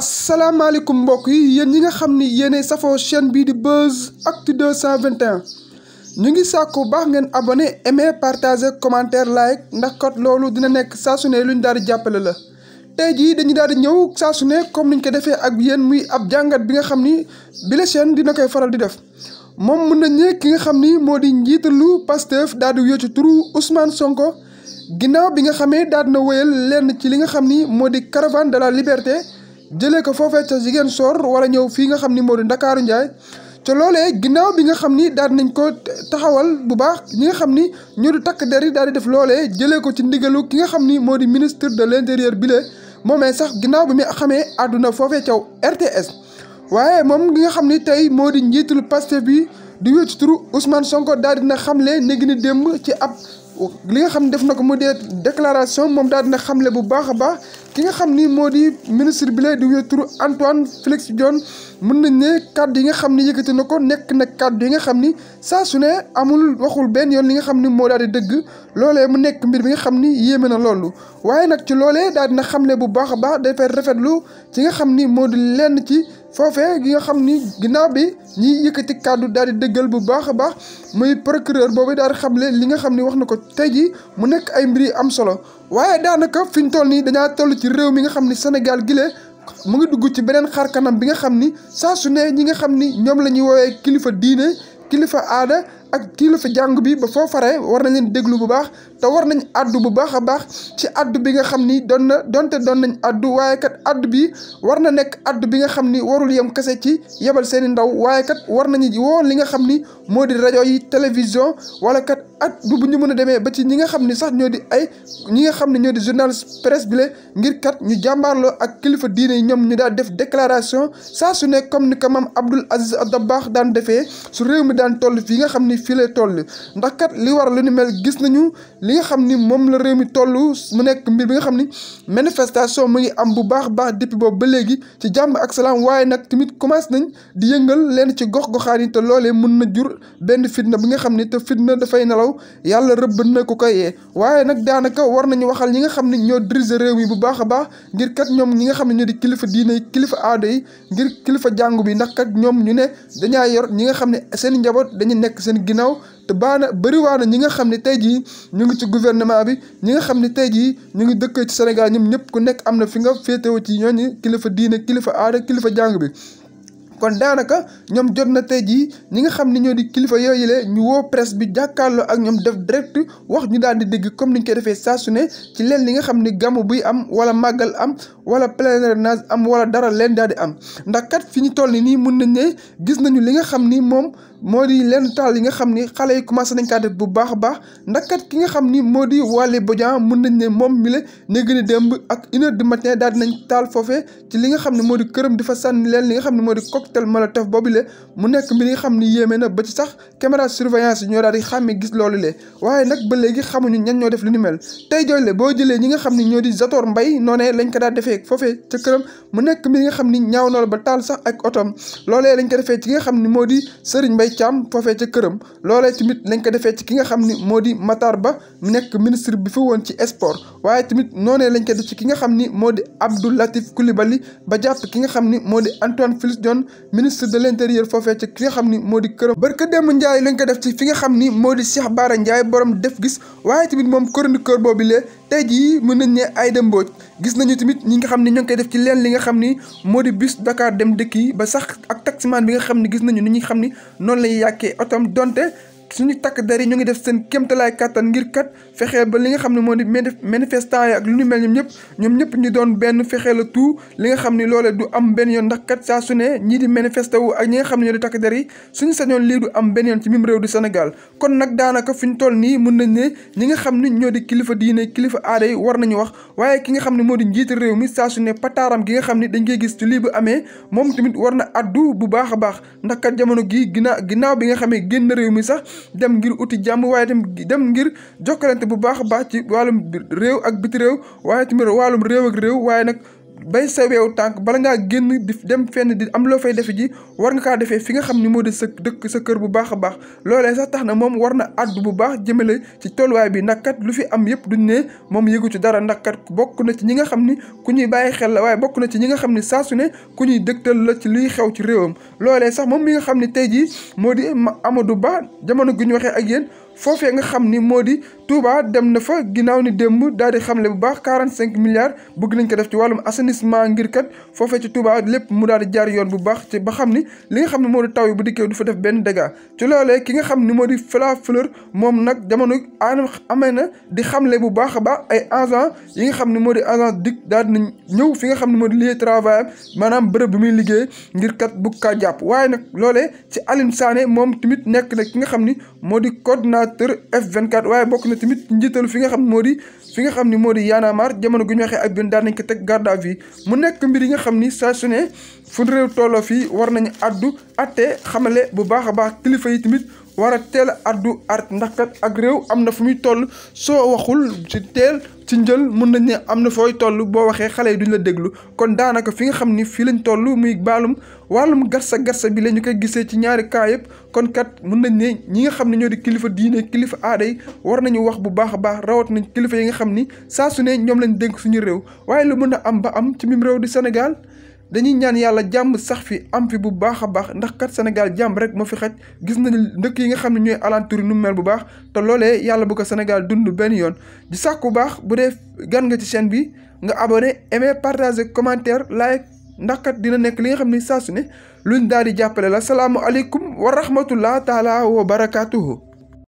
asalaamaaleykum mbokk yi yéen yi nga xam ni yéenay safoo chaîne bii di Buzz vingt 221 ñu ngi sàkku baax ngeen abone aimé partage commentaire like ndax kat loolu dina nekk saa su ne lu ñu daal di jàppale la tey jii dañu daal di ñëw saa su ne comme niñ ko defee ak yéen muy ab jàngat bi nga xam ni bi la dina koy faral di def moom mën nañ ki nga xam ni moo di njiitalu Pastef daal di wéccu turu Ousmane Sonko ginnaaw bi nga xamee daal na wéyal lenn ci li nga xam ni moo di caravane de la liberté jëlee ko foofee ca Ziguinchor war a ñëw fii nga xam ni moo di Ndakaaru Ndiaye te loolee ginnaaw bi nga xam ni daal nañ ko taxawal bu baax ñi nga xam ni ñoo di takk der daal di def loolee jëlee ko ci ndigalu ki nga xam ni moo di ministre de l'intérieur bi la moomee sax ginnaaw bi mu xamee àdduna foofe caw RTS waaye moom gi nga xam ni tey moo di njiitul Pastef bi di wéccu turu Ousmane Sonko daal dina xamle léegi ni démb ci ab li nga xam def na ko mu dee déclaration moom daal dina xamle bu baax a baax ki nga xam ni moo di ministre bi lay di wéy turu Antoine Félix Diome mën nañ ne kàddu yi nga xam ni yëkkati na ko nekk na kàddu yi nga xam ni saa su ne amul waxul benn yoon li nga xam ni moo daal di dëgg loolee mu nekk mbir bi nga xam ni yéeme na loolu waaye nag ci loolee daal dina xamle bu baax a baax dafay rafetlu ci nga xam ni moo di lenn ci. foofee gi nga xam ni ginnaaw bi ñiy yëkkati kàddu daal di dëggal bu baax a baax muy procureur boobu daal di xamle li nga xam ni wax na ko tey jii mu nekk ay mbir yu am solo waaye daanaka fi ñu toll nii dañaa toll ci réew mi nga xam ni Sénégal gi mu ngi dugg ci beneen xar kanam bi nga xam ni saa su nee ñi nga xam ni ñoom la ñuy woowee kilifa diine kilifa aada ak kilifa jàng bi ba foo faree war nañ leen déglu bu baax te war nañ àddu bu baax a baax ci àddu bi nga xam ni doon na donte doon nañ addu waaye kat àddu bi war na nekk àddu bi nga xam ni warul yem kese ci yebal seen i ndaw waaye kat war nañu woo li nga xam ni moo di rajo yi télévision wala kat addu bu ñu mën a demee ba ci ñi nga xam ni sax ñoo di ay ñi nga xam ne ñoo di journaliste presse bi ngir kat ñu jàmbaarloo ak kilifa diine yi ñoom ñu daal def déclaration saa su nekk comme ni ko maam Abdoul Aziz Dabakh daan defee su réew mi daan toll fii nga xam ni fi lay toll ndax kat li war lu ni mel gis nañu li nga xam ni moom la réew mi toll mu nekk mbir bi nga xam ni manifestation mu ngi am bu baax baax depuis boobu ba léegi ci jàmb ak salaam waaye nag tamit commencé nañ di yëngal leen ci gox goxaan yi te loolee mën na jur benn fitna bi nga xam ni te fitna dafay nelaw yàlla rëbb na ko koy yee waaye nag daanaka war nañu waxal ñi nga xam ne ñoo diriger réew mi bu baax a baax ngir kat ñoom ñi nga xam ne ñoo di kilifa diine yi kilifa aada yi ngir kilifa jàngu bi ndax kat ñoom ñu ne dañaa yor ñi nga xam ne seen njaboot dañu nekk seen ginnaaw te baana bëriwaana ñi nga xam ne tey jii ñu ngi ci gouvernement bi ñi nga xam ne tey jii ñu ngi dëkkee ci Sénégal ñoom ñëpp ku nekk am na fi nga féetewoo ci ñooñu kilifa diine kilifa aada kilifa jàng bi kon daanaka ñoom jot na tey jii ñi nga xam ne ñoo di kilifa yooyu la ñu woo presse bi jàkkaarloo ak ñoom def direct wax ñu daal di dégg comme niñ koy defee saa su ne ci leen li nga xam ni gàmmu buy am wala màggal am wala pèlerinage am wala dara leen daal di am ndax fi ñu toll nii mun nañ ne gis nañu li nga xam ni moom moo di leen taal yi nga xam ni xale yi commencé nañ kaa def bu baax a baax ndax kat ki nga xam ni moo di Waly Bodian mun nañ ne moom mi la ne gën démb ak une heure du matin daal di nañ taal foofee ci li nga xam ne moo di këram di fa sànni leen li nga xam ne moo di njeexital molotov boobu le mu nekk mbir nga xam ni yéeme na ba ci sax caméra surveillance yi ñoo daal di xàmmee gis loolu le waaye nag ba léegi xamuñu ñan ñoo def lu ni mel tey jooy le boo jëlee ñi nga xam ni ñoo di Zator Mbaye noonee lañ ko daan defee foofee ca këram mu nekk mbir nga xam ni ñaaw na ba taal sax ak otom loolee lañ ko defee ci nga xam ni moo di Serigne mbay caam foofee ca këram loolee tamit lañ ko defee ci ki nga xam ni moo di Matar Ba nekk ministre bi fa woon ci sport waaye tamit noonee lañ ko def ci ki nga xam ni moo di Abdou Latif Coulibaly ba jàpp ki nga xam ni moo di Antoine Félix Diome ministre de l'intérieur foofee ci ki nga xam ni moo di këram barka démb Ndiaye lañ ko def ci fi nga xam ni moo di Cheikh Bara njaay borom def gis waaye tamit moom chroniqueur boobu lee tey jii mën nañ ne Aïda Mbodj gis nañu tamit ñi nga xam ni ñoo ngi koy def ci leen li nga xam ni moo di bis Dakar dem dëkk yi ba sax ak taximaan bi nga xam ni gis nañu ni ñi xam ni noonu lay yàkkee otoom donte suñu takk der yi ñu ngi def seen kéemtalaay kàttan ngir kat fexee ba li nga xam ne moo di manifestant yi ak lu ñu mel ñoom ñëpp ñoom ñëpp ñu doon benn fexee la tout li nga xam ne loolee du am benn yoon ndax kat saa su ne ñii di manifesté wu ak ñi nga xam ne ñoo di takk der yi suñu sañoon lii du am benn yoon ci mim réew du Sénégal kon nag daanaka fi ñu toll nii mun nañ ne ñi nga xam ne ñoo di kilifa diine kilifa aada yi war nañu wax waaye ki nga xam ne moo di réew mi saa su ne pataaram gi nga xam ne dañ koy gis ci lii bu amee moom tamit war na addu bu baax a baax ndax jamono gii ginnaaw ginnaaw bi nga xamee génn réew mi sax dem ngir uti jàmm waaye dem ngir jokkalante bu baax a baax ci wàllum réew ak biti réew waaye tamit wàllum réew ak réew waaye nag bay sa weew tànk bala ngaa génn di dem fenn di am loo fay defe ji war nga kaa defee fi nga xam ni moo di sa dëkk sa kër bu baax a baax loolee sax tax na moom war na àddu bu baax jëmale ci tolluwaay bi ndax kat lu fi am yëpp duñ ne moom yëgu ci dara ndax kat bokk na ci ñi nga xam ni ku ñuy bàyyi xel la waaye bokk na ci ñi nga xam ni saa su ne ku ñuy dëgtal la ci liy xew ci réewam loolee sax moom mi nga xam ni tey jii moo di Amadou Ba jamono gu ñu waxee ak yéen foofee nga xam ni moo di Touba dem na fa ginnaaw ni démb daal di xamle bu baax 45 milliards bëgg nañ ko def ci wàllum assainissement assainissement ngir kat foofee ci Touba lépp mu daal di jaar yoon bu baax ci ba xam ni li nga xam ne moo di taw yi bu dikkee du fa def benn dégâts ci loolee ki nga xam ni moo di Fela Fleur moom nag jamono anam amee na di xamle bu baax a baax ay agent yi nga xam ne moo di agent dik daal di ñëw fi nga xam ne moo di lieu travail maanaam bërëb bi muy liggéey ngir kat bu kaa jàpp waaye nag loole ci Alioune Sané moom tamit nekk na ki nga xam ni moo di coordinateur F24 waaye bokk na tamit njiitalu fi nga xam moo di fi nga xam ni moo di Y'en a marre jamono gu ñu waxee ak benn daan nañ ko teg garde à mu nekk mbir yi nga xam ni saa su ne fu réew tolloo fii war nañu addu atte xamale bu baax a baax kilifa yi tamit war a teel a addu art ndax kat ak réew am na fu muy toll soo waxul ci teel ci njël mun nañ ne am na fooy toll boo waxee xale yi duñ la déglu kon daanaka fi nga xam ni fii lañ toll muy baalum wàllum garsa garsa bi la ñu koy gisee ci ñaari cas yëpp kon kat mun nañ ne ñi nga xam ne ñoo di kilifa diine kilifa aada yi war nañu wax bu baax a baax rawat nañ kilifa yi nga xam ni saa su ne ñoom lañ dénk suñu réew waaye lu mën a am ba am ci mim réew di Sénégal dañuy ñaan yàlla jàmb sax fi am fi bu baax a baax ndax kat Sénégal jàmb rek moo fi xaj gis nañu ndëkk yi nga xam ne ñooy alentour nu mel bu baax te loolee yàlla bu ko Sénégal dund benn yoon di sàkk bu baax bu dee gan nga ci chaîne bi nga abonné aimé partage commentaire like ndax kat dina nekk li nga xam ne saa su ne luñ daal di jàppale la salaamualeykum wa rahmatullah taala wa barakaatuhu